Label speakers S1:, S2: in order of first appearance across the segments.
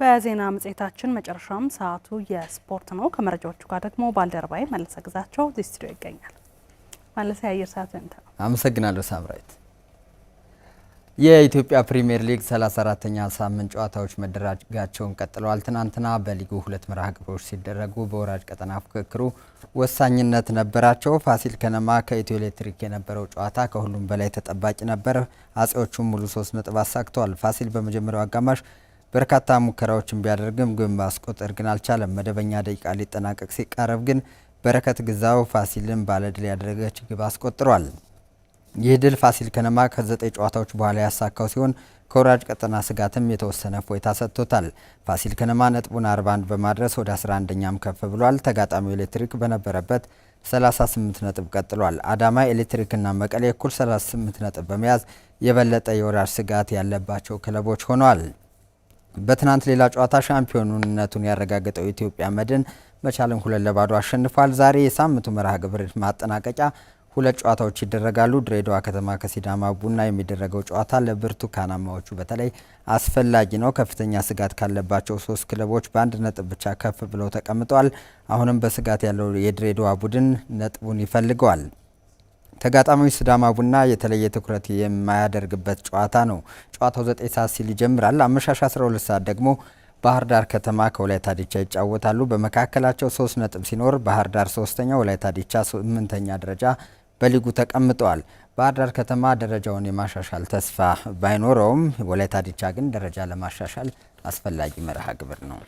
S1: በዜና መጽሔታችን መጨረሻም ሰዓቱ የስፖርት ነው። ከመረጃዎቹ ጋር ደግሞ ባልደረባይ መለሰ ግዛቸው እዚህ ስቱዲዮ ይገኛል። መለሰ፣ የአየር ሰዓት ንተ
S2: አመሰግናለሁ ሳምራዊት። የኢትዮጵያ ፕሪምየር ሊግ 34ተኛ ሳምንት ጨዋታዎች መደረጋቸውን ቀጥለዋል። ትናንትና በሊጉ ሁለት መርሃ ግብሮች ሲደረጉ በወራጅ ቀጠና ፍክክሩ ወሳኝነት ነበራቸው። ፋሲል ከነማ ከኢትዮ ኤሌክትሪክ የነበረው ጨዋታ ከሁሉም በላይ ተጠባቂ ነበር። አጼዎቹም ሙሉ ሶስት ነጥብ አሳክተዋል። ፋሲል በመጀመሪያው አጋማሽ በርካታ ሙከራዎችን ቢያደርግም ግብ ማስቆጠር ግን አልቻለም። መደበኛ ደቂቃ ሊጠናቀቅ ሲቃረብ ግን በረከት ግዛው ፋሲልን ባለድል ያደረገች ግብ አስቆጥሯል። ይህ ድል ፋሲል ከነማ ከዘጠኝ ጨዋታዎች በኋላ ያሳካው ሲሆን ከወራጅ ቀጠና ስጋትም የተወሰነ ፎይታ ሰጥቶታል። ፋሲል ከነማ ነጥቡን 41 በማድረስ ወደ 11ኛም ከፍ ብሏል። ተጋጣሚው ኤሌክትሪክ በነበረበት 38 ነጥብ ቀጥሏል። አዳማ ኤሌክትሪክና መቀሌ እኩል 38 ነጥብ በመያዝ የበለጠ የወራጅ ስጋት ያለባቸው ክለቦች ሆነዋል። በትናንት ሌላ ጨዋታ ሻምፒዮንነቱን ያረጋገጠው የኢትዮጵያ መድን መቻልን ሁለት ለባዶ አሸንፏል። ዛሬ የሳምንቱ መርሃ ግብር ማጠናቀቂያ ሁለት ጨዋታዎች ይደረጋሉ። ድሬዳዋ ከተማ ከሲዳማ ቡና የሚደረገው ጨዋታ ለብርቱካናማዎቹ በተለይ አስፈላጊ ነው። ከፍተኛ ስጋት ካለባቸው ሶስት ክለቦች በአንድ ነጥብ ብቻ ከፍ ብለው ተቀምጠዋል። አሁንም በስጋት ያለው የድሬዳዋ ቡድን ነጥቡን ይፈልገዋል። ተጋጣሚው ስዳማ ቡና የተለየ ትኩረት የማያደርግበት ጨዋታ ነው። ጨዋታው ዘጠኝ ሰዓት ሲል ይጀምራል። አመሻሽ 12 ሰዓት ደግሞ ባህር ዳር ከተማ ከወላይታ ዲቻ ይጫወታሉ። በመካከላቸው ሶስት ነጥብ ሲኖር ባህር ዳር ሶስተኛ፣ ወላይታ ዲቻ ስምንተኛ ደረጃ በሊጉ ተቀምጠዋል። ባህር ዳር ከተማ ደረጃውን የማሻሻል ተስፋ ባይኖረውም ወላይታ ዲቻ ግን ደረጃ ለማሻሻል አስፈላጊ መርሃ ግብር ነው።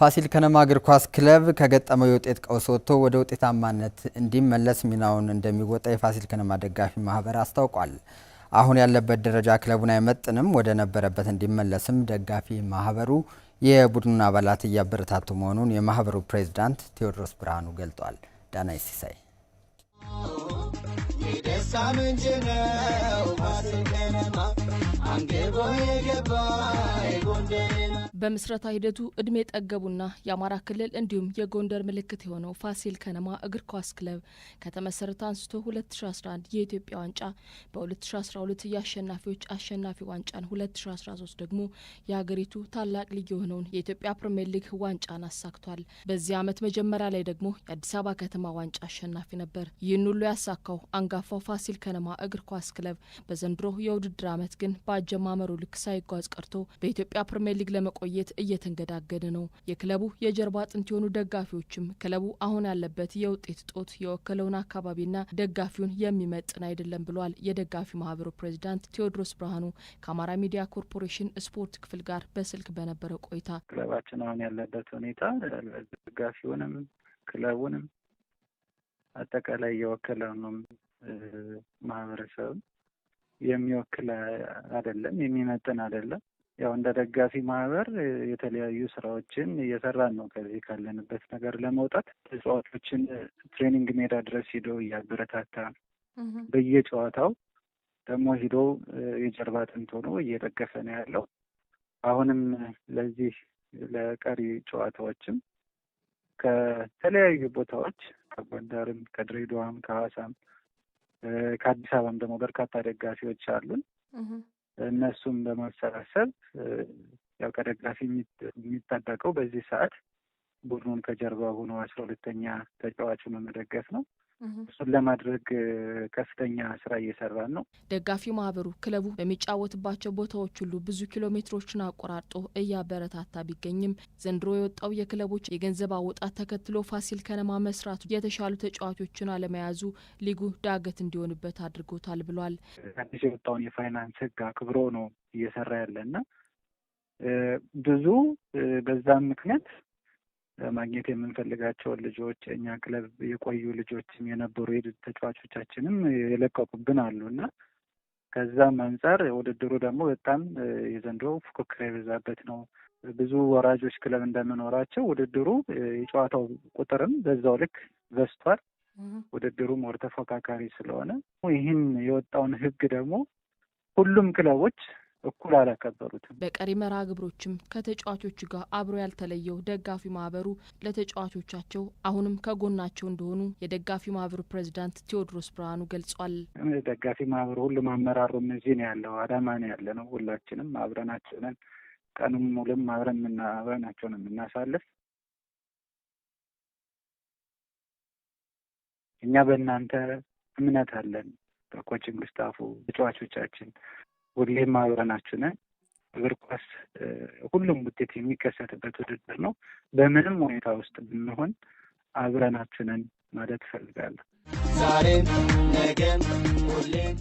S2: ፋሲል ከነማ እግር ኳስ ክለብ ከገጠመው የውጤት ቀውስ ወጥቶ ወደ ውጤታማነት እንዲመለስ ሚናውን እንደሚወጣ የፋሲል ከነማ ደጋፊ ማህበር አስታውቋል። አሁን ያለበት ደረጃ ክለቡን አይመጥንም፣ ወደ ነበረበት እንዲመለስም ደጋፊ ማህበሩ የቡድኑን አባላት እያበረታቱ መሆኑን የማህበሩ ፕሬዝዳንት ቴዎድሮስ ብርሃኑ ገልጧል። ዳናይ ሲሳይ
S1: አንገቦ የገባ የጎንደር በምስረታ ሂደቱ እድሜ ጠገቡና የአማራ ክልል እንዲሁም የጎንደር ምልክት የሆነው ፋሲል ከነማ እግር ኳስ ክለብ ከተመሰረተ አንስቶ 2011 የኢትዮጵያ ዋንጫ በ2012 የአሸናፊዎች አሸናፊ ዋንጫን 2013 ደግሞ የሀገሪቱ ታላቅ ሊግ የሆነውን የኢትዮጵያ ፕሪምየር ሊግ ዋንጫን አሳክቷል። በዚህ ዓመት መጀመሪያ ላይ ደግሞ የአዲስ አበባ ከተማ ዋንጫ አሸናፊ ነበር። ይህን ሁሉ ያሳካው አንጋፋው ፋሲል ከነማ እግር ኳስ ክለብ በዘንድሮ የውድድር ዓመት ግን በአጀማመሩ ልክ ሳይጓዝ ቀርቶ በኢትዮጵያ ፕሪምየር ሊግ ለመቆየ ለመለየት እየተንገዳገደ ነው። የክለቡ የጀርባ አጥንት የሆኑ ደጋፊዎችም ክለቡ አሁን ያለበት የውጤት ጦት የወከለውን አካባቢና ደጋፊውን የሚመጥን አይደለም ብሏል። የደጋፊ ማህበሩ ፕሬዚዳንት ቴዎድሮስ ብርሃኑ ከአማራ ሚዲያ ኮርፖሬሽን ስፖርት ክፍል ጋር በስልክ በነበረው ቆይታ
S3: ክለባችን አሁን ያለበት ሁኔታ ደጋፊውንም ክለቡንም አጠቃላይ የወከለውንም ማህበረሰብ የሚወክል አይደለም፣ የሚመጥን አይደለም። ያው እንደ ደጋፊ ማህበር የተለያዩ ስራዎችን እየሰራን ነው። ከዚህ ካለንበት ነገር ለመውጣት ተጫዋቾችን ትሬኒንግ ሜዳ ድረስ ሂዶ እያበረታታ በየጨዋታው ደግሞ ሂዶ የጀርባ አጥንት ሆኖ እየደገፈ ነው ያለው። አሁንም ለዚህ ለቀሪ ጨዋታዎችም ከተለያዩ ቦታዎች ከጎንደርም፣ ከድሬዳዋም፣ ከሐዋሳም ከአዲስ አበባም ደግሞ በርካታ ደጋፊዎች አሉን። እነሱም በማሰባሰብ ያው ከደጋፊ የሚጠበቀው በዚህ ሰዓት ቡድኑን ከጀርባ ሆኖ አስራ ሁለተኛ ተጫዋቹን መመደገፍ ነው። እሱን ለማድረግ ከፍተኛ ስራ እየሰራን ነው።
S1: ደጋፊ ማህበሩ ክለቡ በሚጫወትባቸው ቦታዎች ሁሉ ብዙ ኪሎ ሜትሮችን አቆራርጦ እያበረታታ ቢገኝም ዘንድሮ የወጣው የክለቦች የገንዘብ አወጣት ተከትሎ ፋሲል ከነማ መስራቱ የተሻሉ ተጫዋቾችን አለመያዙ ሊጉ ዳገት እንዲሆንበት አድርጎታል ብሏል።
S3: አዲስ የወጣውን የፋይናንስ ህግ አክብሮ ነው እየሰራ ያለና ብዙ በዛም ምክንያት ማግኘት የምንፈልጋቸውን ልጆች እኛ ክለብ የቆዩ ልጆችም የነበሩ ተጫዋቾቻችንም የለቀቁብን አሉ እና ከዛም አንጻር ውድድሩ ደግሞ በጣም የዘንድሮ ፉክክር የበዛበት ነው። ብዙ ወራጆች ክለብ እንደመኖራቸው ውድድሩ የጨዋታው ቁጥርም በዛው ልክ በዝቷል። ውድድሩ ሞር ተፎካካሪ ስለሆነ ይህን የወጣውን ህግ ደግሞ ሁሉም ክለቦች እኩል አላከበሩትም።
S1: በቀሪ መርሃ ግብሮችም ከተጫዋቾቹ ጋር አብሮ ያልተለየው ደጋፊ ማህበሩ ለተጫዋቾቻቸው አሁንም ከጎናቸው እንደሆኑ የደጋፊ ማህበሩ ፕሬዚዳንት ቴዎድሮስ ብርሃኑ ገልጿል።
S3: ደጋፊ ማህበሩ ሁሉም አመራሩም እዚህ ነው ያለው፣ አዳማ ነው ያለ ነው። ሁላችንም አብረናቸው ነን። ቀኑም ሙሉም አብረን አብረናቸው ነው የምናሳልፍ እኛ በእናንተ እምነት አለን። በኮችንግ ስታፉ ተጫዋቾቻችን ሁሌም አብረናችሁ ነን። እግር ኳስ ሁሉም ውጤት የሚከሰትበት ውድድር ነው። በምንም ሁኔታ ውስጥ ብንሆን አብረናችሁ ነን ማለት እፈልጋለሁ። ዛሬም ነገም ሁሌም